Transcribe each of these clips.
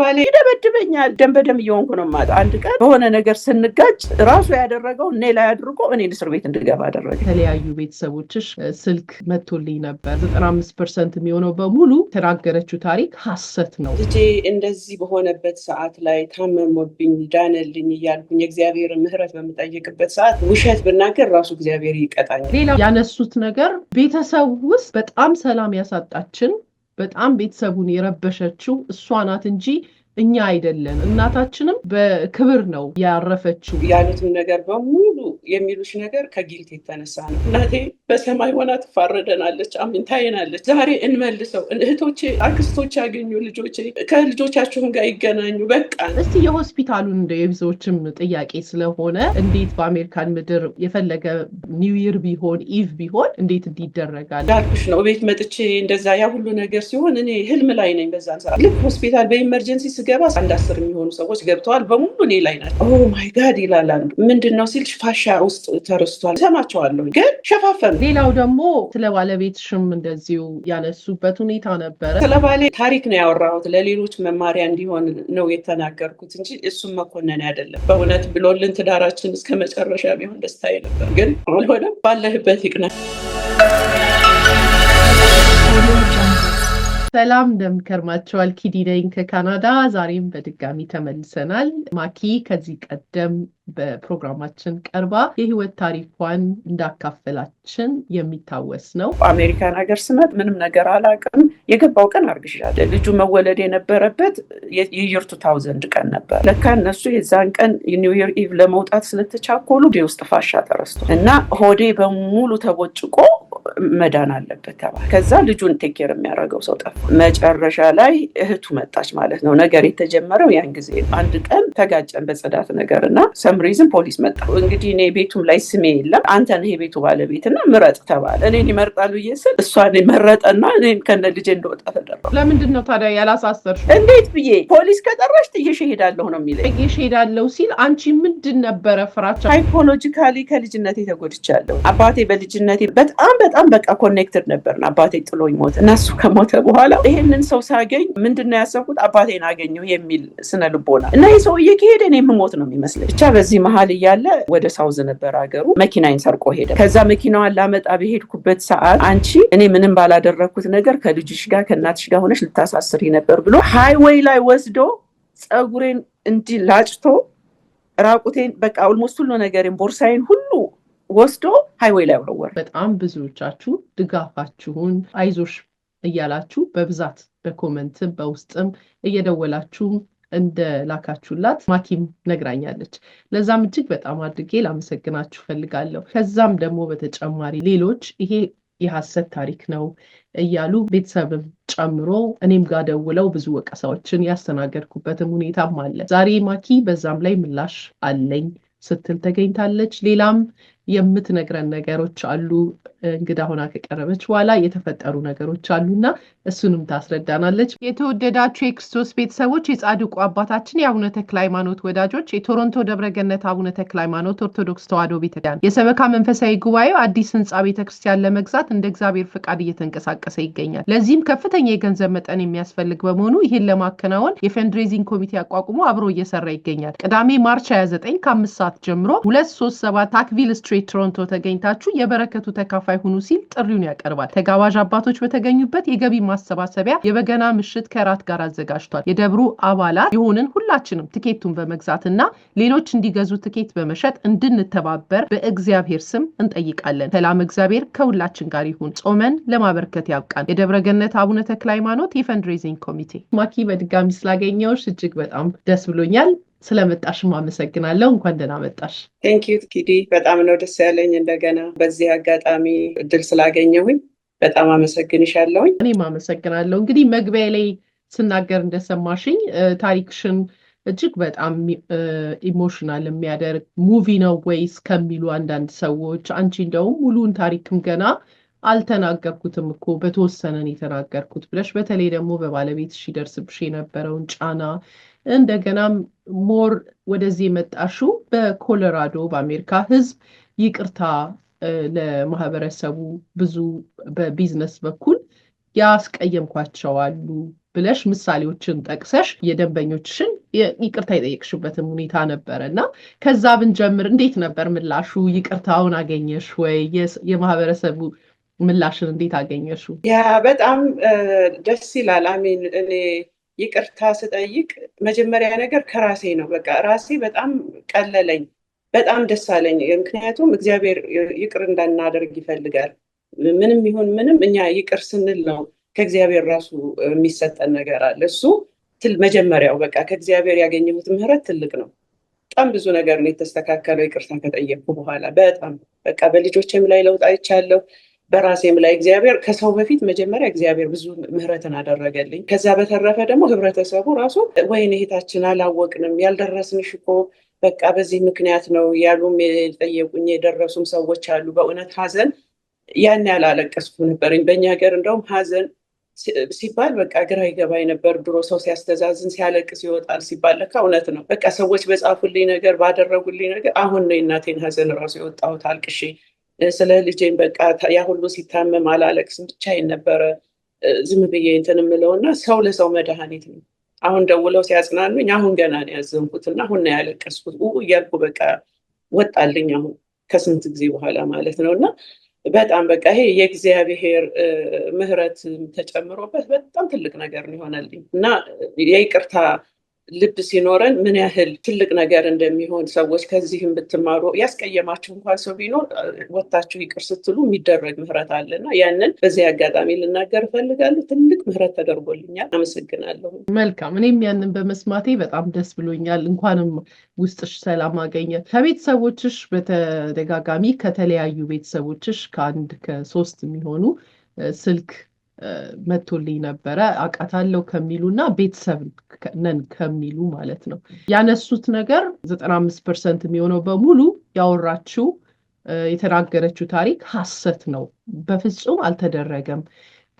ባሌ ይደበድበኛል። ደም በደም እየሆንኩ ነው የማጣ። አንድ ቀን በሆነ ነገር ስንጋጭ ራሱ ያደረገው እኔ ላይ አድርጎ እኔ እስር ቤት እንድገባ አደረገ። የተለያዩ ቤተሰቦችሽ ስልክ መቶልኝ ነበር። ዘጠና አምስት ፐርሰንት የሚሆነው በሙሉ የተናገረችው ታሪክ ሀሰት ነው። ልጄ እንደዚህ በሆነበት ሰዓት ላይ ታመሞብኝ፣ ዳነልኝ እያልኩኝ የእግዚአብሔር ምሕረት በምጠይቅበት ሰዓት ውሸት ብናገር ራሱ እግዚአብሔር ይቀጣኛል። ሌላ ያነሱት ነገር ቤተሰብ ውስጥ በጣም ሰላም ያሳጣችን በጣም ቤተሰቡን የረበሸችው እሷ ናት እንጂ እኛ አይደለን። እናታችንም በክብር ነው ያረፈችው። ያሉትም ነገር በሙሉ የሚሉች ነገር ከጊልት የተነሳ ነው። እናቴ በሰማይ ሆና ትፋረደናለች፣ አሜን ዛሬ እንመልሰው። እህቶቼ፣ አክስቶች ያገኙ ልጆቼ፣ ከልጆቻችሁን ጋር ይገናኙ። በቃ እስቲ የሆስፒታሉን እንደ የብዙዎችም ጥያቄ ስለሆነ እንዴት በአሜሪካን ምድር የፈለገ ኒው ቢሆን ኢቭ ቢሆን እንዴት እንዲደረጋል ዳልኩሽ ነው። ቤት መጥቼ እንደዛ ያ ሁሉ ነገር ሲሆን እኔ ህልም ላይ ነኝ። በዛን ልክ ሆስፒታል በኢመርጀንሲ ስገባ አንድ አስር የሚሆኑ ሰዎች ገብተዋል። በሙሉ እኔ ላይ ናቸው። ኦ ማይ ጋድ ይላል አንዱ። ምንድን ነው ሲል ፋሻ ውስጥ ተረስቷል። ሰማቸዋለሁ ግን ሸፋፈኑ። ሌላው ደግሞ ስለ ባለቤትሽም እንደዚሁ ያነሱበት ሁኔታ ነበረ። ስለ ባሌ ታሪክ ነው ያወራሁት። ለሌሎች መማሪያ እንዲሆን ነው የተናገርኩት እንጂ እሱም መኮነን አይደለም። በእውነት ብሎልን ትዳራችን እስከ መጨረሻ ቢሆን ደስታዬ ነበር። ግን አልሆነም። ባለህበት ይቅናል። ሰላም እንደምንከርማቸዋል። ኪዲ ነኝ ከካናዳ። ዛሬም በድጋሚ ተመልሰናል። ማኪ ከዚህ ቀደም በፕሮግራማችን ቀርባ የህይወት ታሪኳን እንዳካፈላችን የሚታወስ ነው። በአሜሪካን ሀገር ስመት ምንም ነገር አላቅም የገባው ቀን አርግዣለሁ። ልጁ መወለድ የነበረበት የየር ታውዘንድ ቀን ነበር። ለካ እነሱ የዛን ቀን ኒው ኢቭ ለመውጣት ስለተቻኮሉ ውስጥ ፋሻ ተረስቶ እና ሆዴ በሙሉ ተቦጭቆ መዳን አለበት ተባለ። ከዛ ልጁን ቴኬር የሚያደርገው ሰው ጠፋ። መጨረሻ ላይ እህቱ መጣች ማለት ነው። ነገር የተጀመረው ያን ጊዜ አንድ ቀን ተጋጨን በጽዳት ነገር እና ሰምሪዝም ፖሊስ መጣ። እንግዲህ እኔ ቤቱም ላይ ስሜ የለም አንተ ነህ የቤቱ ባለቤት እና ምረጥ ተባለ። እኔን ይመርጣሉ እየስል እሷን መረጠና እኔም ከነ ልጄ እንደወጣ ተደረ። ለምንድን ነው ታዲያ ያላሳሰር? እንዴት ብዬ ፖሊስ ከጠራሽ ጥዬሽ እሄዳለሁ ነው የሚለኝ። ጥዬሽ እሄዳለሁ ሲል አንቺ ምንድን ነበረ ፍራቻ? ሳይኮሎጂካሊ ከልጅነቴ ተጎድቻለሁ። አባቴ በልጅነቴ በጣም በጣም በጣም በቃ ኮኔክትድ ነበር አባቴ ጥሎኝ ሞት እና እሱ ከሞተ በኋላ ይሄንን ሰው ሳገኝ ምንድነው ያሰብኩት አባቴን አገኘው የሚል ስነ ልቦና እና ይህ ሰው እየከሄደ እኔ የምሞት ነው የሚመስለኝ። ብቻ በዚህ መሀል እያለ ወደ ሳውዝ ነበር ሀገሩ መኪናይን ሰርቆ ሄደ። ከዛ መኪናዋን ላመጣ በሄድኩበት ሰዓት አንቺ እኔ ምንም ባላደረግኩት ነገር ከልጅሽ ጋር ከእናትሽ ጋር ሆነች ልታሳስሪ ነበር ብሎ ሃይዌይ ላይ ወስዶ ፀጉሬን እንዲ ላጭቶ ራቁቴን በቃ ኦልሞስት ሁሉ ነገር ቦርሳይን ሁሉ ወስዶ ሃይዌይ ላይ ወረወረ። በጣም ብዙዎቻችሁ ድጋፋችሁን አይዞሽ እያላችሁ በብዛት በኮመንትም በውስጥም እየደወላችሁ እንደላካችሁላት ማኪም ነግራኛለች። ለዛም እጅግ በጣም አድርጌ ላመሰግናችሁ ፈልጋለሁ። ከዛም ደግሞ በተጨማሪ ሌሎች ይሄ የሐሰት ታሪክ ነው እያሉ ቤተሰብም ጨምሮ እኔም ጋር ደውለው ብዙ ወቀሳዎችን ያስተናገድኩበትም ሁኔታም አለ። ዛሬ ማኪ በዛም ላይ ምላሽ አለኝ ስትል ተገኝታለች። ሌላም የምትነግረን ነገሮች አሉ። እንግዳ ሆና ከቀረበች በኋላ የተፈጠሩ ነገሮች አሉና እሱንም ታስረዳናለች። የተወደዳችሁ የክርስቶስ ቤተሰቦች፣ የጻድቁ አባታችን የአቡነ ተክለ ሃይማኖት ወዳጆች፣ የቶሮንቶ ደብረገነት አቡነ ተክለ ሃይማኖት ኦርቶዶክስ ተዋሕዶ ቤተክርስቲያን የሰበካ መንፈሳዊ ጉባኤው አዲስ ህንፃ ቤተክርስቲያን ለመግዛት እንደ እግዚአብሔር ፍቃድ እየተንቀሳቀሰ ይገኛል። ለዚህም ከፍተኛ የገንዘብ መጠን የሚያስፈልግ በመሆኑ ይህን ለማከናወን የፈንድሬዚንግ ኮሚቴ አቋቁሞ አብሮ እየሰራ ይገኛል። ቅዳሜ ማርች 29 ከአምስት ሰዓት ጀምሮ ሁለት ሶስት ሰባት ታክቪል ስትሪት ስትሬት ቶሮንቶ ተገኝታችሁ የበረከቱ ተካፋይ ሁኑ ሲል ጥሪውን ያቀርባል። ተጋባዥ አባቶች በተገኙበት የገቢ ማሰባሰቢያ የበገና ምሽት ከራት ጋር አዘጋጅቷል። የደብሩ አባላት የሆንን ሁላችንም ትኬቱን በመግዛትና ሌሎች እንዲገዙ ትኬት በመሸጥ እንድንተባበር በእግዚአብሔር ስም እንጠይቃለን። ሰላም እግዚአብሔር ከሁላችን ጋር ይሁን። ጾመን ለማበርከት ያብቃን። የደብረገነት አቡነ ተክለ ሃይማኖት የፈንድሬዚንግ ኮሚቴ ማኪ፣ በድጋሚ ስላገኘሁሽ እጅግ በጣም ደስ ብሎኛል። ስለመጣሽም አመሰግናለሁ። እንኳን ደህና መጣሽ። ቴንኪዩ ኪዲ፣ በጣም ነው ደስ ያለኝ እንደገና በዚህ አጋጣሚ እድል ስላገኘሁኝ በጣም አመሰግንሻለሁኝ። እኔም አመሰግናለሁ። እንግዲህ መግቢያ ላይ ስናገር እንደሰማሽኝ ታሪክሽን እጅግ በጣም ኢሞሽናል የሚያደርግ ሙቪ ነው ወይስ ከሚሉ አንዳንድ ሰዎች አንቺ እንደውም ሙሉን ታሪክም ገና አልተናገርኩትም እኮ በተወሰነን የተናገርኩት ብለሽ በተለይ ደግሞ በባለቤት ይደርስብሽ የነበረውን ጫና እንደገናም ሞር ወደዚህ የመጣሹ በኮሎራዶ በአሜሪካ ህዝብ ይቅርታ ለማህበረሰቡ ብዙ በቢዝነስ በኩል ያስቀየምኳቸው አሉ ብለሽ ምሳሌዎችን ጠቅሰሽ የደንበኞችሽን ይቅርታ የጠየቅሽበትም ሁኔታ ነበረ እና ከዛ ብንጀምር እንዴት ነበር ምላሹ? ይቅርታውን አገኘሽ ወይ? የማህበረሰቡ ምላሽን እንዴት አገኘሹ? ያ በጣም ደስ ይላል። አሚን እኔ ይቅርታ ስጠይቅ መጀመሪያ ነገር ከራሴ ነው። በቃ ራሴ በጣም ቀለለኝ፣ በጣም ደስ አለኝ። ምክንያቱም እግዚአብሔር ይቅር እንዳናደርግ ይፈልጋል። ምንም ይሁን ምንም እኛ ይቅር ስንል ነው ከእግዚአብሔር ራሱ የሚሰጠን ነገር አለ። እሱ መጀመሪያው በቃ ከእግዚአብሔር ያገኘሁት ምሕረት ትልቅ ነው። በጣም ብዙ ነገር ነው የተስተካከለው ይቅርታ ከጠየቅኩ በኋላ። በጣም በቃ በልጆችም ላይ ለውጥ አይቻለሁ። በራሴም ላይ እግዚአብሔር ከሰው በፊት መጀመሪያ እግዚአብሔር ብዙ ምህረትን አደረገልኝ። ከዛ በተረፈ ደግሞ ህብረተሰቡ ራሱ ወይን እህታችን አላወቅንም ያልደረስንሽ እኮ በቃ በዚህ ምክንያት ነው ያሉም የጠየቁኝ የደረሱም ሰዎች አሉ። በእውነት ሀዘን ያን ያላለቀስኩ ነበርኝ። በእኛ ሀገር እንደውም ሀዘን ሲባል በቃ ግራ ይገባኝ ነበር። ድሮ ሰው ሲያስተዛዝን ሲያለቅስ ይወጣል ሲባል ለካ እውነት ነው። በቃ ሰዎች በጻፉልኝ ነገር ባደረጉልኝ ነገር አሁን ነው የእናቴን ሀዘን ራሱ የወጣሁት አልቅሼ ስለ ልጄን በቃ ያ ሁሉ ሲታመም አላለቅስም ብቻዬን ነበረ ዝም ብዬ እንትን የምለው እና ሰው ለሰው መድኃኒት ነው። አሁን ደውለው ሲያጽናኑኝ አሁን ገና ነው ያዘንኩት እና አሁን ነው ያለቀስኩት እያልኩ በቃ ወጣልኝ አሁን ከስንት ጊዜ በኋላ ማለት ነው እና በጣም በቃ ይሄ የእግዚአብሔር ምህረት ተጨምሮበት በጣም ትልቅ ነገር ነው የሆነልኝ እና የይቅርታ ልብ ሲኖረን ምን ያህል ትልቅ ነገር እንደሚሆን ሰዎች ከዚህም ብትማሩ ያስቀየማችሁ እንኳን ሰው ቢኖር ወታችሁ ይቅር ስትሉ የሚደረግ ምህረት አለና ያንን በዚህ አጋጣሚ ልናገር እፈልጋለሁ። ትልቅ ምህረት ተደርጎልኛል። አመሰግናለሁ። መልካም። እኔም ያንን በመስማቴ በጣም ደስ ብሎኛል። እንኳንም ውስጥሽ ሰላም አገኘ። ከቤተሰቦችሽ በተደጋጋሚ ከተለያዩ ቤተሰቦችሽ ከአንድ ከሶስት የሚሆኑ ስልክ መቶልኝ ነበረ አቃታለው ከሚሉ እና ቤተሰብ ነን ከሚሉ ማለት ነው ያነሱት ነገር ዘጠና አምስት ፐርሰንት የሚሆነው በሙሉ ያወራችው የተናገረችው ታሪክ ሀሰት ነው። በፍጹም አልተደረገም።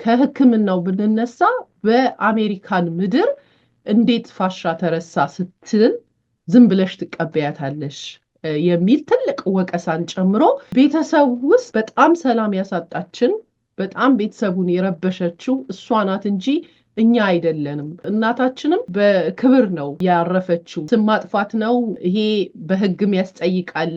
ከህክምናው ብንነሳ በአሜሪካን ምድር እንዴት ፋሻ ተረሳ ስትል ዝም ብለሽ ትቀበያታለሽ የሚል ትልቅ ወቀሳን ጨምሮ ቤተሰብ ውስጥ በጣም ሰላም ያሳጣችን በጣም ቤተሰቡን የረበሸችው እሷ ናት እንጂ እኛ አይደለንም። እናታችንም በክብር ነው ያረፈችው። ስም ማጥፋት ነው ይሄ በህግም ያስጠይቃል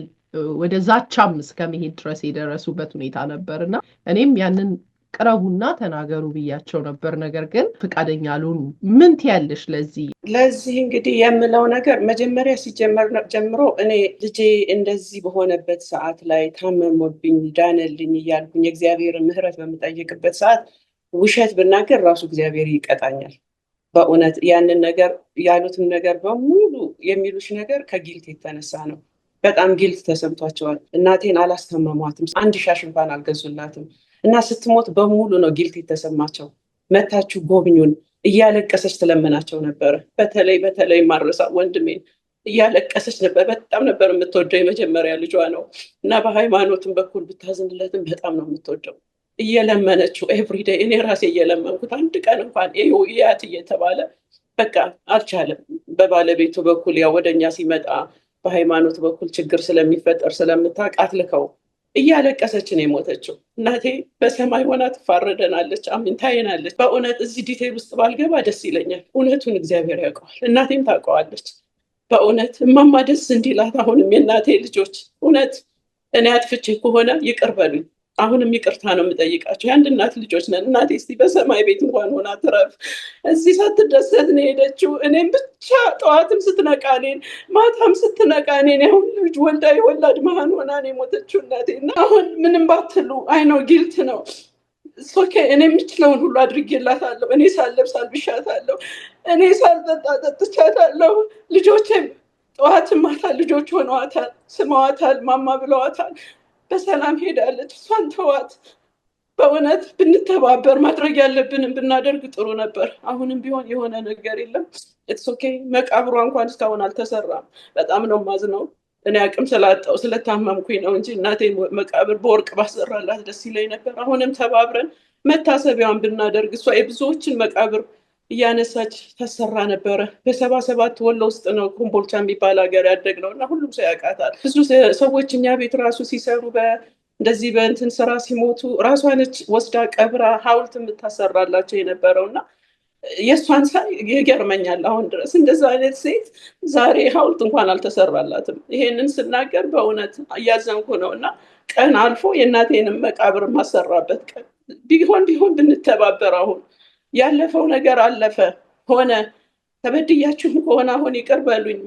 ወደ ዛቻም እስከመሄድ ድረስ የደረሱበት ሁኔታ ነበር እና እኔም ያንን ቅረቡና ተናገሩ ብያቸው ነበር። ነገር ግን ፈቃደኛ አልሆኑም። ምን ትያለሽ ለዚህ? ለዚህ እንግዲህ የምለው ነገር መጀመሪያ ሲጀመር ጀምሮ እኔ ልጄ እንደዚህ በሆነበት ሰዓት ላይ ታመሞብኝ ዳነልኝ እያልኩኝ የእግዚአብሔር ምሕረት በምጠይቅበት ሰዓት ውሸት ብናገር ራሱ እግዚአብሔር ይቀጣኛል። በእውነት ያንን ነገር ያሉትን ነገር በሙሉ የሚሉሽ ነገር ከጊልት የተነሳ ነው። በጣም ጊልት ተሰምቷቸዋል። እናቴን አላስተመሟትም፣ አንድ ሻሽ እንኳን አልገዙላትም። እና ስትሞት በሙሉ ነው ጊልት የተሰማቸው። መታችሁ ጎብኙን እያለቀሰች ትለምናቸው ነበረ። በተለይ በተለይ ማረሳ ወንድሜን እያለቀሰች ነበር። በጣም ነበር የምትወደው። የመጀመሪያ ልጇ ነው እና በሃይማኖትም በኩል ብታዝንለትም በጣም ነው የምትወደው። እየለመነችው ኤቭሪዴይ፣ እኔ ራሴ እየለመንኩት አንድ ቀን እንኳን ያት እየተባለ በቃ አልቻለም። በባለቤቱ በኩል ያ ወደኛ ሲመጣ በሃይማኖት በኩል ችግር ስለሚፈጠር ስለምታውቅ አትልከው እያለቀሰች ነው የሞተችው። እናቴ በሰማይ ሆና ትፋረደናለች። አሜን ታየናለች። በእውነት እዚህ ዲቴል ውስጥ ባልገባ ደስ ይለኛል። እውነቱን እግዚአብሔር ያውቀዋል፣ እናቴም ታውቀዋለች። በእውነት እማማ ደስ እንዲላት አሁንም የእናቴ ልጆች እውነት እኔ አጥፍቼ ከሆነ ይቅር በሉኝ። አሁንም ይቅርታ ነው የምጠይቃቸው። የአንድ እናት ልጆች ነን። እናት ስ በሰማይ ቤት እንኳን ሆና ትረፍ። እዚህ ሳትደሰት ነው ሄደችው እኔም ብቻ ጠዋትም ስትነቃኔን ማታም ስትነቃኔን እኔን፣ ያሁን ልጅ ወልዳ የወላድ መሀን ሆና ነው የሞተችው እናቴ እና አሁን ምንም ባትሉ አይነው ጊልት ነው ሶኬ እኔ የምችለውን ሁሉ አድርጌላታለሁ። እኔ ሳለብስ አልብሻታለሁ። እኔ ሳልጠጣ ጠጥቻታለሁ። ልጆቼም ጠዋትም ማታ ልጆች ሆነዋታል፣ ስመዋታል፣ ማማ ብለዋታል። በሰላም ሄዳለች። እሷን ተዋት። በእውነት ብንተባበር ማድረግ ያለብንም ብናደርግ ጥሩ ነበር። አሁንም ቢሆን የሆነ ነገር የለም። ኢትስ ኦኬ። መቃብሯ እንኳን እስካሁን አልተሰራም። በጣም ነው ማዝነው። እኔ አቅም ስላጣው ስለታመምኩኝ ነው እንጂ እናቴ መቃብር በወርቅ ባሰራላት ደስ ይለኝ ነበር። አሁንም ተባብረን መታሰቢያውን ብናደርግ እሷ የብዙዎችን መቃብር እያነሳች ተሰራ ነበረ። በሰባ ሰባት ወሎ ውስጥ ነው ኮምቦልቻ የሚባል ሀገር ነው እና ሁሉም ሰው ያውቃታል። ብዙ ሰዎች እኛ ቤት ራሱ ሲሰሩ እንደዚህ በእንትን ስራ ሲሞቱ ራሷ ነች ወስዳ ቀብራ ሀውልት የምታሰራላቸው የነበረው እና የእሷን ሳይ ይገርመኛል አሁን ድረስ። እንደዛ አይነት ሴት ዛሬ ሀውልት እንኳን አልተሰራላትም። ይሄንን ስናገር በእውነት እያዘንኩ ነው እና ቀን አልፎ የእናቴንም መቃብር የማሰራበት ቀን ቢሆን ቢሆን ብንተባበር አሁን ያለፈው ነገር አለፈ ሆነ። ተበድያችሁም ከሆነ አሁን ይቅር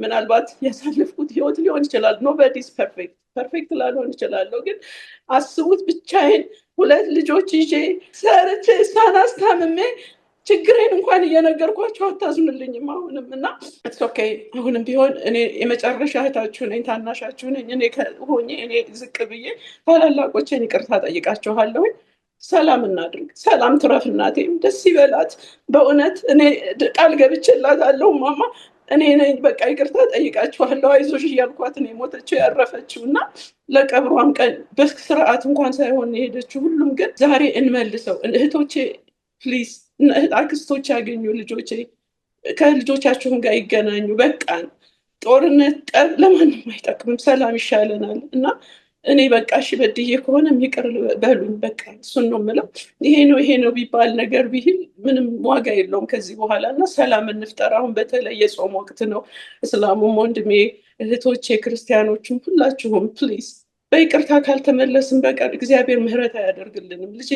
ምናልባት ያሳለፍኩት ህይወት ሊሆን ይችላል። ኖበዲስ ፐርፌክት ፐርፌክት ላልሆን ይችላለሁ። ግን አስቡት ብቻዬን ሁለት ልጆች ይዤ ሰርቼ ሳናስታምሜ ችግሬን እንኳን እየነገርኳቸው አታዝኑልኝም። አሁንም እና ኦኬ አሁንም ቢሆን እኔ የመጨረሻ እህታችሁ ነኝ፣ ታናሻችሁ ነኝ። እኔ ሆኜ እኔ ዝቅ ብዬ ታላላቆቼን ይቅርታ ጠይቃችኋለሁኝ። ሰላም እናድርግ። ሰላም ትረፍ እናቴም፣ ደስ ይበላት። በእውነት እኔ ቃል አለው ማማ እኔ ነኝ በቃ ይቅርታ ጠይቃችኋለሁ፣ አይዞሽ እያልኳት ነው የሞተችው ያረፈችው እና ለቀብሯም ቀን በስርዓት እንኳን ሳይሆን የሄደችው። ሁሉም ግን ዛሬ እንመልሰው እህቶቼ፣ ፕሊዝ አክስቶች ያገኙ ልጆቼ፣ ከልጆቻችሁም ጋር ይገናኙ። በቃን። ጦርነት ለማንም አይጠቅምም። ሰላም ይሻለናል እና እኔ በቃ እሺ በድዬ ከሆነ የሚቀር በሉኝ፣ በቃ እሱን ነው የምለው። ይሄ ነው ይሄ ነው ቢባል ነገር ቢል ምንም ዋጋ የለውም ከዚህ በኋላ እና ሰላም እንፍጠር። አሁን በተለይ የጾም ወቅት ነው። እስላሙም፣ ወንድሜ እህቶቼ፣ ክርስቲያኖችም ሁላችሁም ፕሊዝ በይቅርታ ካልተመለስን በቀር እግዚአብሔር ምሕረት አያደርግልንም። ልጄ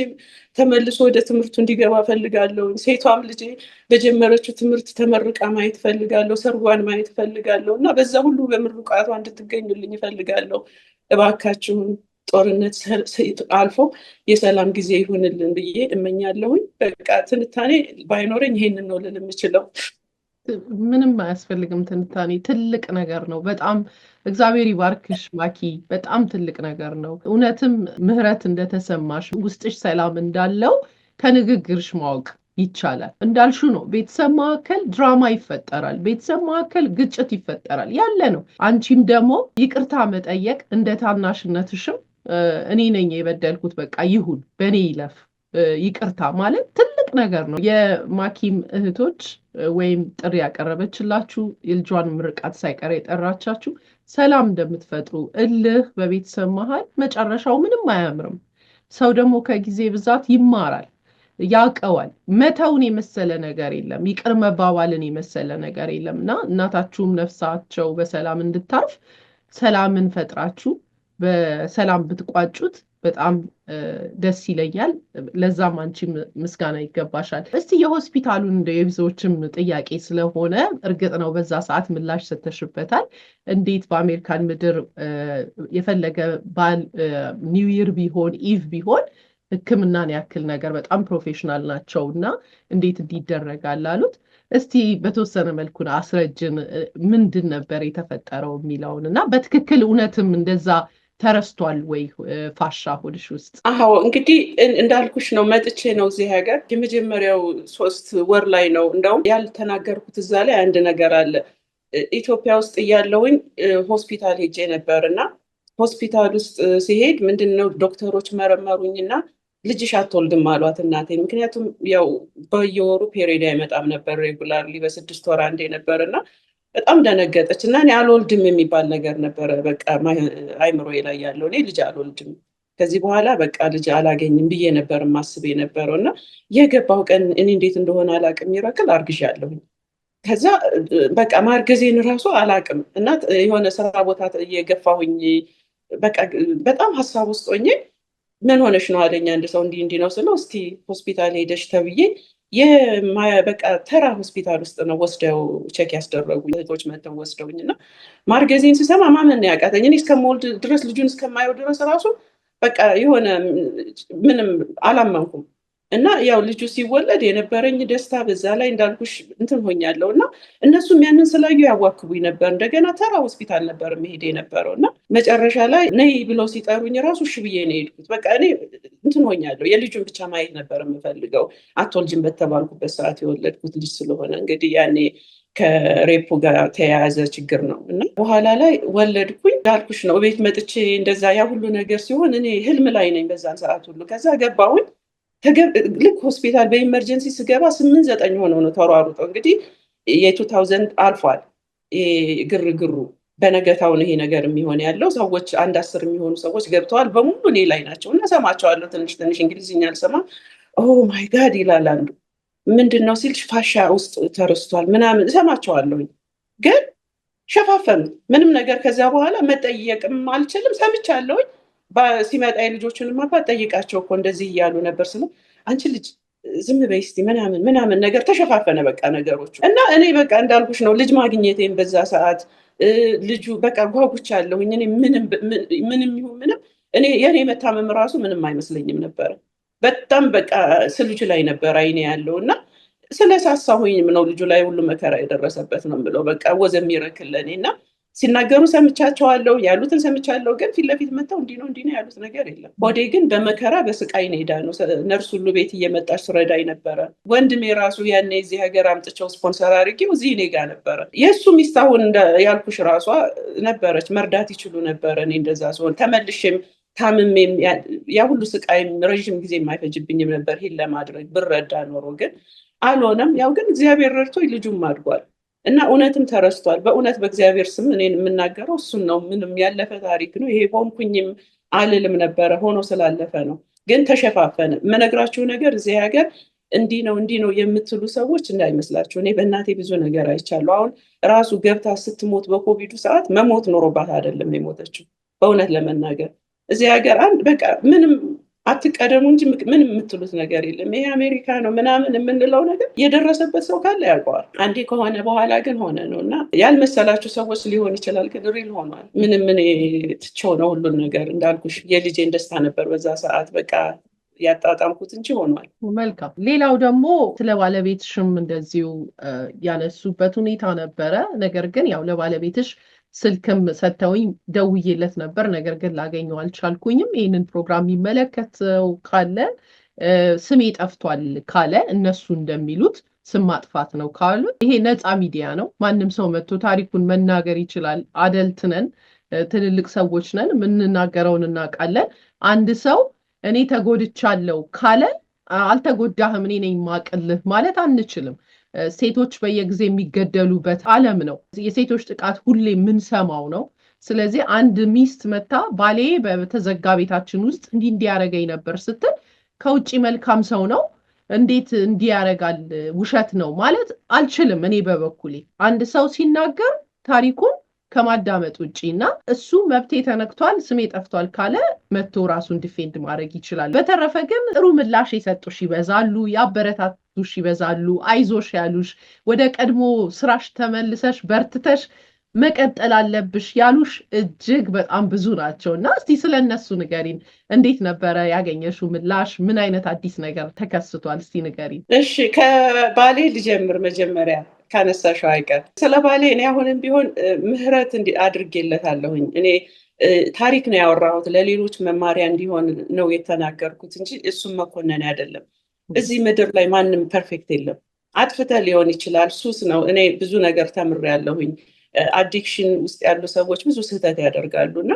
ተመልሶ ወደ ትምህርቱ እንዲገባ ፈልጋለሁ። ሴቷም ልጄ በጀመረችው ትምህርት ተመርቃ ማየት ፈልጋለሁ። ሰርጓን ማየት ፈልጋለሁ እና በዛ ሁሉ በምርቃቷ እንድትገኙልኝ ይፈልጋለሁ። እባካችሁን ጦርነት አልፎ የሰላም ጊዜ ይሁንልን ብዬ እመኛለሁኝ። በቃ ትንታኔ ባይኖረኝ ይሄንን ነው ልል የምችለው። ምንም አያስፈልግም ትንታኔ። ትልቅ ነገር ነው። በጣም እግዚአብሔር ይባርክሽ ማኪ። በጣም ትልቅ ነገር ነው። እውነትም ምህረት እንደተሰማሽ ውስጥሽ ሰላም እንዳለው ከንግግርሽ ማወቅ ይቻላል። እንዳልሹ ነው። ቤተሰብ መካከል ድራማ ይፈጠራል። ቤተሰብ መካከል ግጭት ይፈጠራል ያለ ነው። አንቺም ደግሞ ይቅርታ መጠየቅ እንደ ታናሽነትሽም እኔ ነኝ የበደልኩት፣ በቃ ይሁን፣ በእኔ ይለፍ፣ ይቅርታ ማለት ትልቅ ነገር ነው። የማኪም እህቶች ወይም ጥሪ ያቀረበችላችሁ የልጇን ምርቃት ሳይቀር የጠራቻችሁ ሰላም እንደምትፈጥሩ እልህ በቤተሰብ መሀል መጨረሻው ምንም አያምርም። ሰው ደግሞ ከጊዜ ብዛት ይማራል። ያውቀዋል። መተውን የመሰለ ነገር የለም። ይቅር መባባልን የመሰለ ነገር የለም እና እናታችሁም ነፍሳቸው በሰላም እንድታርፍ ሰላምን ፈጥራችሁ በሰላም ብትቋጩት በጣም ደስ ይለኛል። ለዛም አንቺ ምስጋና ይገባሻል። እስቲ የሆስፒታሉን እንደ የብዙዎችም ጥያቄ ስለሆነ እርግጥ ነው በዛ ሰዓት ምላሽ ሰተሽበታል። እንዴት በአሜሪካን ምድር የፈለገ ባል ኒው ቢሆን ኢቭ ቢሆን ህክምናን ያክል ነገር በጣም ፕሮፌሽናል ናቸው እና እንዴት እንዲደረጋል አሉት። እስቲ በተወሰነ መልኩ አስረጅን ምንድን ነበር የተፈጠረው የሚለውን እና በትክክል እውነትም እንደዛ ተረስቷል ወይ ፋሻ ሆድሽ ውስጥ? አዎ እንግዲህ እንዳልኩሽ ነው። መጥቼ ነው እዚህ ሀገር የመጀመሪያው ሶስት ወር ላይ ነው። እንደውም ያልተናገርኩት እዛ ላይ አንድ ነገር አለ። ኢትዮጵያ ውስጥ እያለውኝ ሆስፒታል ሄጄ ነበር እና ሆስፒታል ውስጥ ሲሄድ ምንድን ነው ዶክተሮች መረመሩኝና? ልጅሽ አትወልድም አሏት እናቴ። ምክንያቱም ያው በየወሩ ፔሬድ አይመጣም ነበር ሬጉላር በስድስት ወር አንዴ ነበር እና በጣም ደነገጠች እና እኔ አልወልድም የሚባል ነገር ነበረ በቃ አይምሮ ላይ ያለው እኔ ልጅ አልወልድም ከዚህ በኋላ በቃ ልጅ አላገኝም ብዬ ነበር ማስብ የነበረው እና የገባው ቀን እኔ እንዴት እንደሆነ አላቅም አርግሽ ያለሁኝ ከዛ በቃ ማርገዜን ራሱ አላቅም እና የሆነ ስራ ቦታ እየገፋሁኝ በጣም ሀሳብ ውስጥ ሆኜ ምን ሆነሽ ነው አለኝ አንድ ሰው። እንዲህ እንዲህ ነው ስለው እስቲ ሆስፒታል ሄደሽ ተብዬ ይህ በቃ ተራ ሆስፒታል ውስጥ ነው ወስደው ቼክ ያስደረጉኝ። እህቶች መተው ወስደውኝ እና ማርገዜን ስሰማ ማመን ነው ያቃተኝ። እኔ እስከምወልድ ድረስ ልጁን እስከማየው ድረስ ራሱ በቃ የሆነ ምንም አላመንኩም። እና ያው ልጁ ሲወለድ የነበረኝ ደስታ በዛ ላይ እንዳልኩሽ እንትን ሆኛለው እና እነሱም ያንን ስላዩ ያዋክቡኝ ነበር። እንደገና ተራ ሆስፒታል ነበር መሄድ የነበረው እና መጨረሻ ላይ ነይ ብለው ሲጠሩኝ ራሱ እሺ ብዬ ነው የሄድኩት። በቃ እኔ እንትን ሆኛለሁ። የልጁን ብቻ ማየት ነበር የምፈልገው። አትወልጂም በተባልኩበት ሰዓት የወለድኩት ልጅ ስለሆነ እንግዲህ ያኔ ከሬፖ ጋር ተያያዘ ችግር ነው እና በኋላ ላይ ወለድኩኝ። እንዳልኩሽ ነው ቤት መጥቼ እንደዛ ያ ሁሉ ነገር ሲሆን እኔ ህልም ላይ ነኝ በዛን ሰዓት ሁሉ ከዛ ገባሁኝ ልክ ሆስፒታል በኢመርጀንሲ ስገባ ስምንት ዘጠኝ ሆነው ነው ተሯሩጦ እንግዲህ የቱ ታውዘንድ አልፏል ግርግሩ። በነገታው ይሄ ነገር የሚሆን ያለው። ሰዎች አንድ አስር የሚሆኑ ሰዎች ገብተዋል። በሙሉ እኔ ላይ ናቸው እና ሰማቸዋለሁ። ትንሽ ትንሽ እንግሊዝኛ አልሰማ ኦ ማይ ጋድ ይላል አንዱ። ምንድን ነው ሲል ፋሻ ውስጥ ተረስቷል ምናምን እሰማቸዋለሁኝ። ግን ሸፋፈኑ ምንም ነገር ከዚያ በኋላ መጠየቅም አልችልም። ሰምቻለሁኝ ሲመጣ የልጆችን ማፋ ጠይቃቸው እኮ እንደዚህ እያሉ ነበር ስለ አንቺ ልጅ ዝም በይ እስኪ ምናምን ምናምን ነገር ተሸፋፈነ በቃ ነገሮቹ እና እኔ በቃ እንዳልኩሽ ነው ልጅ ማግኘቴን በዛ ሰዓት ልጁ በቃ ጓጉቻ አለሁኝ እኔ ምንም ይሁን ምንም እኔ የእኔ መታመም ራሱ ምንም አይመስለኝም ነበረ በጣም በቃ ስልጁ ላይ ነበር አይኔ ያለው እና ስለሳሳሁኝም ነው ልጁ ላይ ሁሉ መከራ የደረሰበት ነው ብለው በቃ ወዘ የሚረክለኔ እና ሲናገሩ ሰምቻቸዋለሁ፣ ያሉትን ሰምቻለሁ። ግን ፊትለፊት መጥተው እንዲ ነው እንዲነው ያሉት ነገር የለም። ሆዴ ግን በመከራ በስቃይ ነው ሄዳ ነው ነርስ ሁሉ ቤት እየመጣች ስረዳኝ ነበረ። ወንድሜ ራሱ ያኔ እዚህ ሀገር አምጥቸው ስፖንሰር አድርጌው እዚህ ኔጋ ነበረ። የእሱ ሚስት አሁን ያልኩሽ ራሷ ነበረች። መርዳት ይችሉ ነበረ። እኔ እንደዛ ሲሆን ተመልሽም ታምሜም ያ ሁሉ ስቃይም ረዥም ጊዜ የማይፈጅብኝም ነበር ሂል ለማድረግ ብረዳ ኖሮ ግን አልሆነም። ያው ግን እግዚአብሔር ረድቶ ልጁም አድጓል። እና እውነትም ተረስቷል። በእውነት በእግዚአብሔር ስም እኔ የምናገረው እሱን ነው። ምንም ያለፈ ታሪክ ነው። ይሄ ሆንኩኝም አልልም ነበረ፣ ሆኖ ስላለፈ ነው። ግን ተሸፋፈነ። መነግራችሁ ነገር እዚህ ሀገር እንዲህ ነው እንዲ ነው የምትሉ ሰዎች እንዳይመስላችሁ። እኔ በእናቴ ብዙ ነገር አይቻሉ አሁን ራሱ ገብታ ስትሞት በኮቪዱ ሰዓት መሞት ኖሮባት አይደለም የሞተችው። በእውነት ለመናገር እዚህ ሀገር አንድ በቃ ምንም አትቀደሙ እንጂ ምን የምትሉት ነገር የለም። ይሄ አሜሪካ ነው ምናምን የምንለው ነገር የደረሰበት ሰው ካለ ያውቀዋል። አንዴ ከሆነ በኋላ ግን ሆነ ነው እና ያልመሰላችሁ ሰዎች ሊሆን ይችላል፣ ግን ሪል ሆኗል። ምንም ምን ትቼው ነው ሁሉን ነገር እንዳልኩሽ የልጄን ደስታ ነበር በዛ ሰዓት በቃ ያጣጣምኩት እንጂ ሆኗል። መልካም። ሌላው ደግሞ ስለ ባለቤትሽም እንደዚሁ ያነሱበት ሁኔታ ነበረ። ነገር ግን ያው ለባለቤትሽ ስልክም ሰጥተውኝ ደውዬለት ነበር፣ ነገር ግን ላገኘው አልቻልኩኝም። ይህንን ፕሮግራም የሚመለከተው ካለ ስሜ ጠፍቷል ካለ እነሱ እንደሚሉት ስም ማጥፋት ነው ካሉ ይሄ ነፃ ሚዲያ ነው። ማንም ሰው መጥቶ ታሪኩን መናገር ይችላል። አደልት ነን፣ ትልልቅ ሰዎች ነን፣ የምንናገረውን እናውቃለን። አንድ ሰው እኔ ተጎድቻለሁ ካለ አልተጎዳህም እኔ ነኝ ማቅልህ ማለት አንችልም። ሴቶች በየጊዜ የሚገደሉበት ዓለም ነው። የሴቶች ጥቃት ሁሌ የምንሰማው ነው። ስለዚህ አንድ ሚስት መታ ባሌ በተዘጋ ቤታችን ውስጥ እንዲህ እንዲያደርገኝ ነበር ስትል ከውጭ መልካም ሰው ነው እንዴት እንዲያደርጋል ውሸት ነው ማለት አልችልም። እኔ በበኩሌ አንድ ሰው ሲናገር ታሪኩን ከማዳመጥ ውጭ እና እሱ መብቴ ተነክቷል፣ ስሜ ጠፍቷል ካለ መጥቶ ራሱን ዲፌንድ ማድረግ ይችላል። በተረፈ ግን ጥሩ ምላሽ የሰጡሽ ይበዛሉ፣ ያበረታቱሽ ይበዛሉ፣ አይዞሽ ያሉሽ፣ ወደ ቀድሞ ስራሽ ተመልሰሽ በርትተሽ መቀጠል አለብሽ ያሉሽ እጅግ በጣም ብዙ ናቸው እና እስቲ ስለ እነሱ ንገሪን። እንዴት ነበረ ያገኘሽው ምላሽ? ምን አይነት አዲስ ነገር ተከስቷል? እስቲ ንገሪን። እሺ፣ ከባሌ ልጀምር መጀመሪያ ካነሳሽው አይቀር ስለ ባሌ እኔ አሁንም ቢሆን ምህረት አድርጌለታለሁኝ እኔ ታሪክ ነው ያወራሁት ለሌሎች መማሪያ እንዲሆን ነው የተናገርኩት እንጂ እሱም መኮነን አይደለም እዚህ ምድር ላይ ማንም ፐርፌክት የለም አጥፍተ ሊሆን ይችላል ሱስ ነው እኔ ብዙ ነገር ተምር ያለሁኝ አዲክሽን ውስጥ ያሉ ሰዎች ብዙ ስህተት ያደርጋሉ እና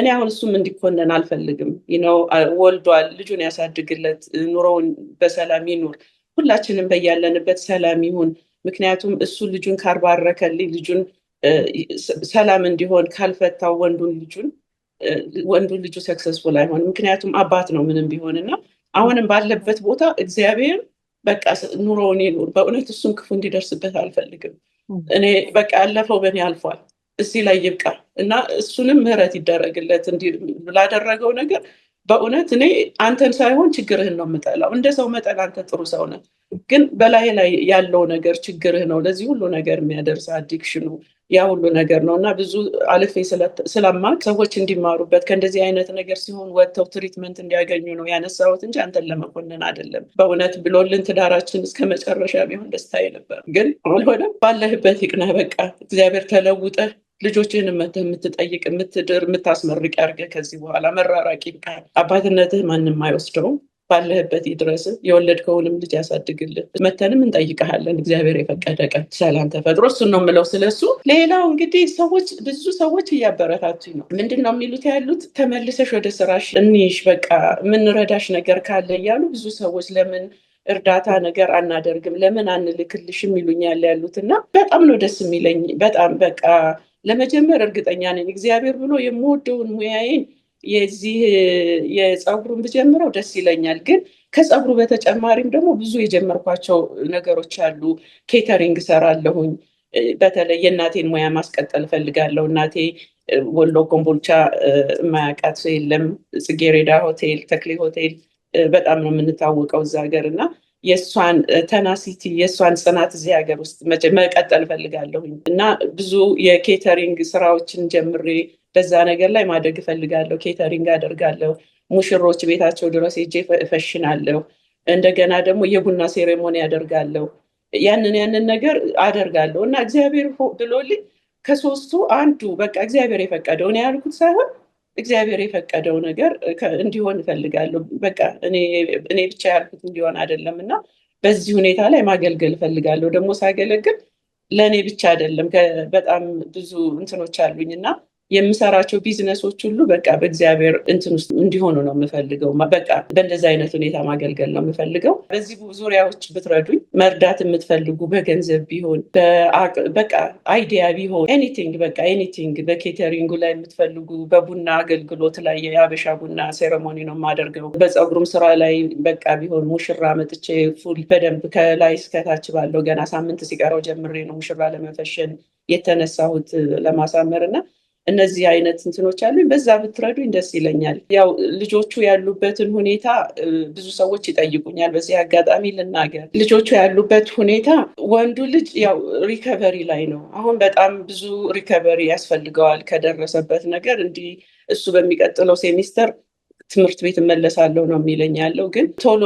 እኔ አሁን እሱም እንዲኮነን አልፈልግም ነው ወልዷል ልጁን ያሳድግለት ኑሮውን በሰላም ይኑር ሁላችንም በያለንበት ሰላም ይሁን ምክንያቱም እሱ ልጁን ካልባረከልኝ ልጁን ሰላም እንዲሆን ካልፈታው ወንዱን ልጁን ወንዱ ልጁ ሰክሰስፉል አይሆንም። ምክንያቱም አባት ነው ምንም ቢሆን እና አሁንም ባለበት ቦታ እግዚአብሔር በቃ ኑሮውን ይኑር። በእውነት እሱን ክፉ እንዲደርስበት አልፈልግም። እኔ በቃ ያለፈው በእኔ አልፏል፣ እዚህ ላይ ይብቃ እና እሱንም ምህረት ይደረግለት ላደረገው ነገር በእውነት እኔ አንተን ሳይሆን ችግርህን ነው የምጠላው። እንደ ሰው መጠን አንተ ጥሩ ሰው ነህ። ግን በላይ ላይ ያለው ነገር ችግርህ ነው ለዚህ ሁሉ ነገር የሚያደርስ አዲክሽኑ ያ ሁሉ ነገር ነው እና ብዙ አልፌ ስለማቅ ሰዎች እንዲማሩበት ከእንደዚህ አይነት ነገር ሲሆን ወጥተው ትሪትመንት እንዲያገኙ ነው ያነሳሁት እንጂ አንተን ለመኮንን አይደለም። በእውነት ብሎልን ትዳራችን እስከ መጨረሻ ቢሆን ደስታ ነበር፣ ግን አልሆነም። ባለህበት ይቅና በቃ እግዚአብሔር ተለውጠ ልጆችህን የምትጠይቅ የምትድር የምታስመርቅ ያርገ። ከዚህ በኋላ መራራቅ ይብቃል። አባትነትህ ማንም አይወስደውም። ባለህበት ይድረስ፣ የወለድከውንም ልጅ ያሳድግልን። መተንም እንጠይቀሃለን እግዚአብሔር የፈቀደ ቀን ሰላም ተፈጥሮ። እሱ ነው የምለው ስለሱ። ሌላው እንግዲህ ሰዎች ብዙ ሰዎች እያበረታቱኝ ነው። ምንድን ነው የሚሉት ያሉት ተመልሰሽ ወደ ስራሽ እንይሽ፣ በቃ የምንረዳሽ ነገር ካለ እያሉ ብዙ ሰዎች ለምን እርዳታ ነገር አናደርግም ለምን አንልክልሽም ይሉኛል ያሉት እና በጣም ነው ደስ የሚለኝ። በጣም በቃ ለመጀመር እርግጠኛ ነኝ እግዚአብሔር ብሎ የምወደውን ሙያዬን የዚህ የፀጉሩን ብጀምረው ደስ ይለኛል። ግን ከፀጉሩ በተጨማሪም ደግሞ ብዙ የጀመርኳቸው ነገሮች አሉ። ኬተሪንግ ሰራለሁኝ። በተለይ የእናቴን ሙያ ማስቀጠል እፈልጋለሁ። እናቴ ወሎ ኮምቦልቻ የማያውቃት የለም። ጽጌሬዳ ሆቴል፣ ተክሌ ሆቴል በጣም ነው የምንታወቀው እዛ ሀገር እና የእሷን ተናሲቲ የእሷን ጽናት እዚህ ሀገር ውስጥ መቀጠል እፈልጋለሁኝ እና ብዙ የኬተሪንግ ስራዎችን ጀምሬ በዛ ነገር ላይ ማደግ እፈልጋለሁ። ኬተሪንግ አደርጋለሁ። ሙሽሮች ቤታቸው ድረስ ሄጄ እፈሽናለሁ። እንደገና ደግሞ የቡና ሴሬሞኒ አደርጋለሁ። ያንን ያንን ነገር አደርጋለሁ እና እግዚአብሔር ብሎልኝ ከሶስቱ አንዱ በቃ እግዚአብሔር የፈቀደው እኔ ያልኩት ሳይሆን እግዚአብሔር የፈቀደው ነገር እንዲሆን እፈልጋለሁ። በቃ እኔ ብቻ ያልኩት እንዲሆን አይደለም እና በዚህ ሁኔታ ላይ ማገልገል እፈልጋለሁ። ደግሞ ሳገለግል ለእኔ ብቻ አይደለም፣ በጣም ብዙ እንትኖች አሉኝ እና የምሰራቸው ቢዝነሶች ሁሉ በቃ በእግዚአብሔር እንትን ውስጥ እንዲሆኑ ነው የምፈልገው። በቃ በእንደዚ አይነት ሁኔታ ማገልገል ነው የምፈልገው። በዚህ ዙሪያዎች ብትረዱኝ፣ መርዳት የምትፈልጉ በገንዘብ ቢሆን በቃ አይዲያ ቢሆን ኤኒቲንግ በቃ ኤኒቲንግ፣ በኬተሪንጉ ላይ የምትፈልጉ በቡና አገልግሎት ላይ የአበሻ ቡና ሴረሞኒ ነው የማደርገው። በፀጉሩም ስራ ላይ በቃ ቢሆን ሙሽራ መጥቼ ፉል በደንብ ከላይ እስከታች ባለው ገና ሳምንት ሲቀረው ጀምሬ ነው ሙሽራ ለመፈሸን የተነሳሁት ለማሳመር እና እነዚህ አይነት እንትኖች አሉኝ። በዛ ብትረዱኝ ደስ ይለኛል። ያው ልጆቹ ያሉበትን ሁኔታ ብዙ ሰዎች ይጠይቁኛል። በዚህ አጋጣሚ ልናገር፣ ልጆቹ ያሉበት ሁኔታ ወንዱ ልጅ ያው ሪከቨሪ ላይ ነው። አሁን በጣም ብዙ ሪከቨሪ ያስፈልገዋል ከደረሰበት ነገር እንዲህ እሱ በሚቀጥለው ሴሚስተር ትምህርት ቤት እመለሳለሁ ነው የሚለኝ ያለው። ግን ቶሎ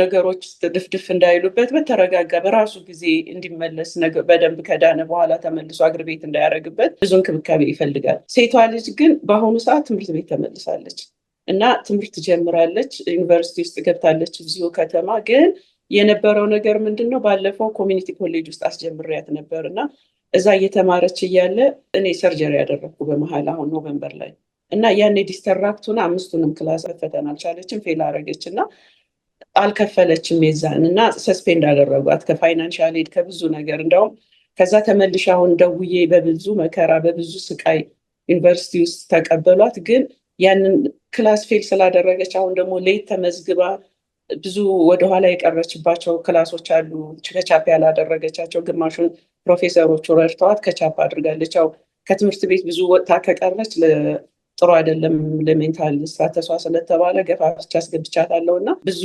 ነገሮች ድፍድፍ እንዳይሉበት በተረጋጋ በራሱ ጊዜ እንዲመለስ በደንብ ከዳነ በኋላ ተመልሶ አግር ቤት እንዳያደርግበት ብዙ እንክብካቤ ይፈልጋል። ሴቷ ልጅ ግን በአሁኑ ሰዓት ትምህርት ቤት ተመልሳለች እና ትምህርት ጀምራለች። ዩኒቨርሲቲ ውስጥ ገብታለች እዚሁ ከተማ ግን የነበረው ነገር ምንድን ነው? ባለፈው ኮሚኒቲ ኮሌጅ ውስጥ አስጀምሪያት ነበር እና እዛ እየተማረች እያለ እኔ ሰርጀሪ ያደረግኩ በመሀል አሁን ኖቨምበር ላይ እና ያኔ ዲስተራክት ሆና አምስቱንም ክላስ ፈተና አልቻለችም፣ ፌል አረገች እና አልከፈለችም የዛን እና ሰስፔንድ አደረጓት ከፋይናንሽል ኤድ ከብዙ ነገር እንደውም ከዛ ተመልሼ አሁን ደውዬ በብዙ መከራ በብዙ ስቃይ ዩኒቨርሲቲ ውስጥ ተቀበሏት። ግን ያንን ክላስ ፌል ስላደረገች አሁን ደግሞ ሌት ተመዝግባ ብዙ ወደኋላ የቀረችባቸው ክላሶች አሉ ከቻፕ ያላደረገቻቸው ግማሹን ፕሮፌሰሮቹ ረድተዋት ከቻፕ አድርጋለች። ያው ከትምህርት ቤት ብዙ ወጥታ ከቀረች ጥሩ አይደለም ለሜንታል ስላተሷ ስለተባለ ገፋፍቻ አስገብቻታለሁ እና ብዙ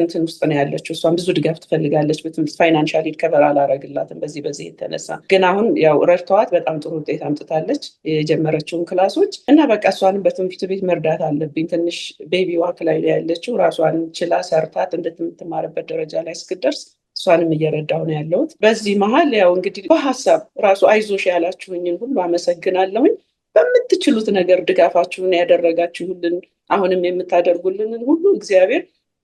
እንትን ውስጥ ነው ያለችው። እሷን ብዙ ድጋፍ ትፈልጋለች። በትምህርት ፋይናንሻል ከበር አላረግላትም። በዚህ በዚህ የተነሳ ግን አሁን ያው ረድተዋት በጣም ጥሩ ውጤት አምጥታለች የጀመረችውን ክላሶች እና በቃ እሷንም በትምህርት ቤት መርዳት አለብኝ። ትንሽ ቤቢ ዋክ ላይ ያለችው ራሷን ችላ ሰርታት እንደምትማርበት ደረጃ ላይ እስክደርስ እሷንም እየረዳሁ ነው ያለውት በዚህ መሀል ያው እንግዲህ በሀሳብ ራሱ አይዞሽ ያላችሁኝን ሁሉ አመሰግናለሁኝ። በምትችሉት ነገር ድጋፋችሁን ያደረጋችሁልን አሁንም የምታደርጉልንን ሁሉ እግዚአብሔር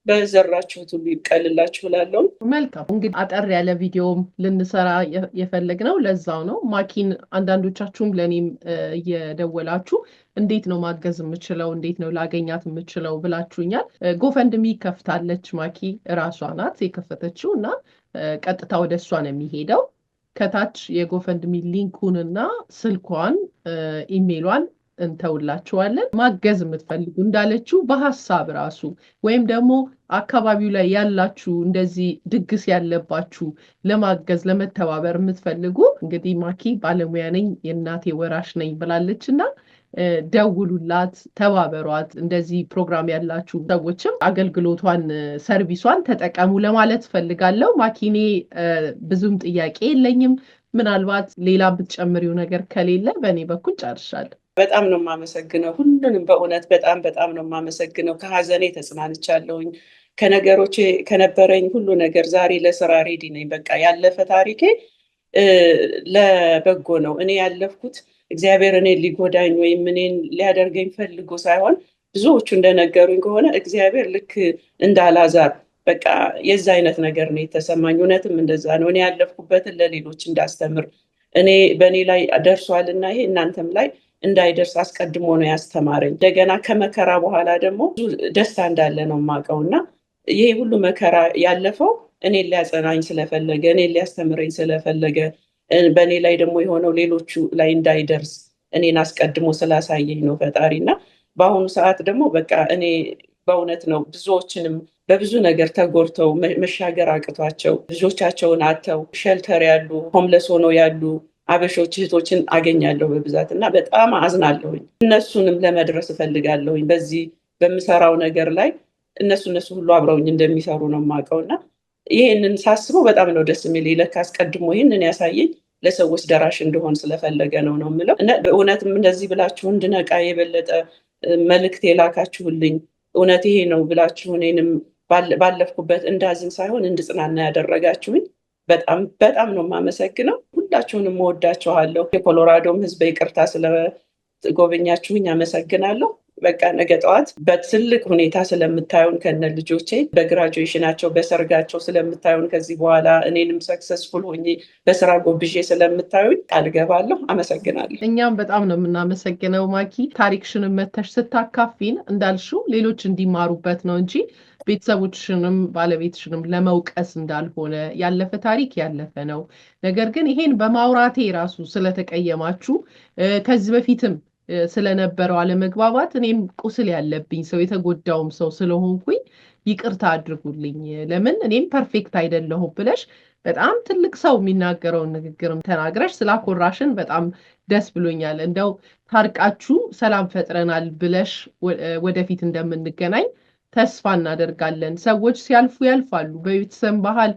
በዘራችሁት ሁሉ ይቀልላችሁ ላለው መልካም እንግዲህ አጠር ያለ ቪዲዮም ልንሰራ ነው ለዛው ነው። ማኪን አንዳንዶቻችሁም ለእኔም እየደወላችሁ እንዴት ነው ማገዝ የምችለው እንዴት ነው ላገኛት የምችለው ብላችሁኛል። ጎፈንድሚ ከፍታለች ማኪ እራሷ ናት የከፈተችው እና ቀጥታ ወደ እሷ ነው የሚሄደው ከታች የጎፈንድሚ ሊንኩን እና ስልኳን ኢሜሏን እንተውላችኋለን። ማገዝ የምትፈልጉ እንዳለችው በሀሳብ ራሱ ወይም ደግሞ አካባቢው ላይ ያላችሁ እንደዚህ ድግስ ያለባችሁ ለማገዝ ለመተባበር የምትፈልጉ እንግዲህ ማኪ ባለሙያ ነኝ የእናቴ ወራሽ ነኝ ብላለች እና ደውሉላት፣ ተባበሯት። እንደዚህ ፕሮግራም ያላችሁ ሰዎችም አገልግሎቷን፣ ሰርቪሷን ተጠቀሙ ለማለት ፈልጋለሁ። ማኪኔ ብዙም ጥያቄ የለኝም። ምናልባት ሌላ ብትጨምሪው ነገር ከሌለ በእኔ በኩል ጨርሻለሁ። በጣም ነው የማመሰግነው ሁሉንም በእውነት በጣም በጣም ነው የማመሰግነው። ከሀዘኔ ተጽናንቻለሁኝ። ከነገሮች ከነበረኝ ሁሉ ነገር ዛሬ ለስራ ሬዲ ነኝ። በቃ ያለፈ ታሪኬ ለበጎ ነው። እኔ ያለፍኩት እግዚአብሔር እኔ ሊጎዳኝ ወይም እኔን ሊያደርገኝ ፈልጎ ሳይሆን ብዙዎቹ እንደነገሩኝ ከሆነ እግዚአብሔር ልክ እንዳላዛር በቃ የዛ አይነት ነገር ነው የተሰማኝ። እውነትም እንደዛ ነው። እኔ ያለፍኩበትን ለሌሎች እንዳስተምር እኔ በእኔ ላይ ደርሷል እና ይሄ እናንተም ላይ እንዳይደርስ አስቀድሞ ነው ያስተማረኝ። እንደገና ከመከራ በኋላ ደግሞ ብዙ ደስታ እንዳለ ነው የማውቀው እና ይሄ ሁሉ መከራ ያለፈው እኔ ሊያጸናኝ ስለፈለገ እኔ ሊያስተምረኝ ስለፈለገ በእኔ ላይ ደግሞ የሆነው ሌሎቹ ላይ እንዳይደርስ እኔን አስቀድሞ ስላሳየኝ ነው ፈጣሪ እና በአሁኑ ሰዓት ደግሞ በቃ እኔ በእውነት ነው ብዙዎችንም በብዙ ነገር ተጎድተው መሻገር አቅቷቸው ልጆቻቸውን አተው ሸልተር ያሉ ሆምለስ ሆነው ያሉ አበሾች እህቶችን አገኛለሁ በብዛት እና በጣም አዝናለሁኝ። እነሱንም ለመድረስ እፈልጋለሁኝ በዚህ በምሰራው ነገር ላይ እነሱ እነሱ ሁሉ አብረውኝ እንደሚሰሩ ነው የማውቀው እና ይህንን ሳስበው በጣም ነው ደስ የሚል ይለክ አስቀድሞ ይህንን ያሳየኝ ለሰዎች ደራሽ እንደሆን ስለፈለገ ነው ነው የምለው። በእውነትም እንደዚህ ብላችሁ እንድነቃ የበለጠ መልእክት የላካችሁልኝ እውነት ይሄ ነው ብላችሁ እኔንም ባለፍኩበት እንዳዝን ሳይሆን እንድጽናና ያደረጋችሁኝ በጣም በጣም ነው የማመሰግነው። ሁላችሁንም እወዳችኋለሁ። የኮሎራዶም ህዝበ ይቅርታ ስለጎበኛችሁኝ አመሰግናለሁ። በቃ ነገ ጠዋት በትልቅ ሁኔታ ስለምታየውን ከነ ልጆቼ በግራጁዌሽናቸው በሰርጋቸው ስለምታየውን ከዚህ በኋላ እኔንም ሰክሰስፉል ሆኜ በስራ ጎብዤ ስለምታዩኝ ገባለሁ። አመሰግናለሁ። እኛም በጣም ነው የምናመሰግነው ማኪ፣ ታሪክሽንም መተሽ ስታካፊን እንዳልሹ ሌሎች እንዲማሩበት ነው እንጂ ቤተሰቦችንም ባለቤትሽንም ለመውቀስ እንዳልሆነ ያለፈ ታሪክ ያለፈ ነው። ነገር ግን ይሄን በማውራቴ ራሱ ስለተቀየማችሁ ከዚህ በፊትም ስለነበረው አለመግባባት እኔም ቁስል ያለብኝ ሰው የተጎዳውም ሰው ስለሆንኩኝ ይቅርታ አድርጉልኝ፣ ለምን እኔም ፐርፌክት አይደለሁም ብለሽ በጣም ትልቅ ሰው የሚናገረውን ንግግርም ተናግረሽ ስላኮራሽን በጣም ደስ ብሎኛል። እንደው ታርቃችሁ ሰላም ፈጥረናል ብለሽ ወደፊት እንደምንገናኝ ተስፋ እናደርጋለን። ሰዎች ሲያልፉ ያልፋሉ። በቤተሰብ ባህል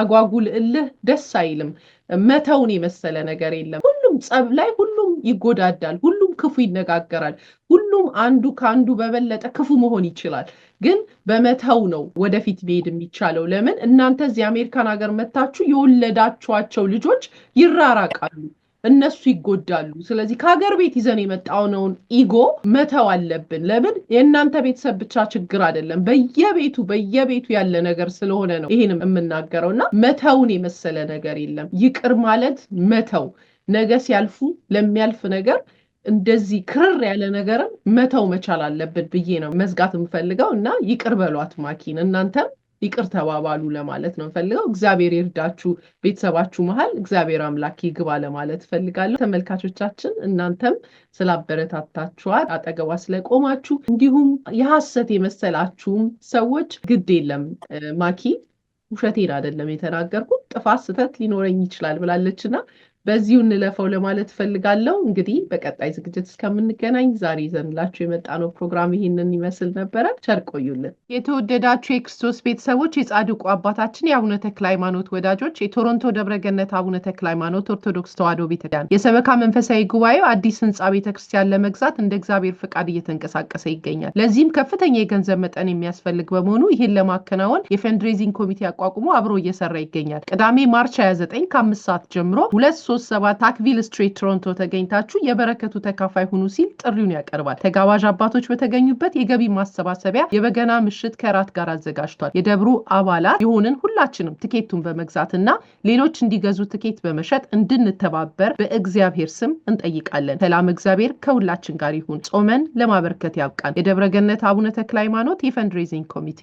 አጓጉል እልህ ደስ አይልም። መተውን የመሰለ ነገር የለም። ጸብ ላይ ሁሉም ይጎዳዳል፣ ሁሉም ክፉ ይነጋገራል፣ ሁሉም አንዱ ከአንዱ በበለጠ ክፉ መሆን ይችላል። ግን በመተው ነው ወደፊት መሄድ የሚቻለው። ለምን እናንተ እዚህ አሜሪካን ሀገር መታችሁ የወለዳችኋቸው ልጆች ይራራቃሉ፣ እነሱ ይጎዳሉ። ስለዚህ ከሀገር ቤት ይዘን የመጣውነውን ኢጎ መተው አለብን። ለምን የእናንተ ቤተሰብ ብቻ ችግር አይደለም፣ በየቤቱ በየቤቱ ያለ ነገር ስለሆነ ነው ይሄንም የምናገረው እና መተውን የመሰለ ነገር የለም። ይቅር ማለት መተው ነገ ሲያልፉ ለሚያልፍ ነገር እንደዚህ ክርር ያለ ነገርን መተው መቻል አለብን ብዬ ነው መዝጋት የምፈልገው እና ይቅር በሏት ማኪን እናንተም ይቅር ተባባሉ ለማለት ነው ፈልገው። እግዚአብሔር ይርዳችሁ፣ ቤተሰባችሁ መሀል እግዚአብሔር አምላክ ይግባ ለማለት ፈልጋለሁ። ተመልካቾቻችን እናንተም ስላበረታታችኋል፣ አጠገቧ ስለቆማችሁ፣ እንዲሁም የሐሰት የመሰላችሁም ሰዎች ግድ የለም ማኪ ውሸቴን አይደለም የተናገርኩት ጥፋት ስህተት ሊኖረኝ ይችላል ብላለችና በዚሁ እንለፈው ለማለት ፈልጋለው እንግዲህ በቀጣይ ዝግጅት እስከምንገናኝ ዛሬ የመጣ ነው ፕሮግራም ይህንን ይመስል ነበረ። ቸርቆዩልን የተወደዳችሁ የክርስቶስ ቤተሰቦች፣ የጻድቁ አባታችን የአቡነ ተክለ ሃይማኖት ወዳጆች፣ የቶሮንቶ ደብረገነት አቡነ ተክለ ሃይማኖት ኦርቶዶክስ ተዋሕዶ ቤተክርስቲያን የሰበካ መንፈሳዊ ጉባኤው አዲስ ህንፃ ቤተክርስቲያን ለመግዛት እንደ እግዚአብሔር ፈቃድ እየተንቀሳቀሰ ይገኛል። ለዚህም ከፍተኛ የገንዘብ መጠን የሚያስፈልግ በመሆኑ ይህን ለማከናወን የፈንድሬዚንግ ኮሚቴ አቋቁሞ አብሮ እየሰራ ይገኛል። ቅዳሜ ማርች 29 ከአምስት ሰዓት ጀምሮ ሁለት 337 ታክቪል ስትሬት ቶሮንቶ ተገኝታችሁ የበረከቱ ተካፋይ ሁኑ ሲል ጥሪውን ያቀርባል። ተጋባዥ አባቶች በተገኙበት የገቢ ማሰባሰቢያ የበገና ምሽት ከራት ጋር አዘጋጅቷል። የደብሩ አባላት የሆንን ሁላችንም ትኬቱን በመግዛትና ሌሎች እንዲገዙ ትኬት በመሸጥ እንድንተባበር በእግዚአብሔር ስም እንጠይቃለን። ሰላም እግዚአብሔር ከሁላችን ጋር ይሁን። ጾመን ለማበርከት ያብቃን። የደብረ ገነት አቡነ ተክለ ሃይማኖት የፈንድሬዚንግ ኮሚቴ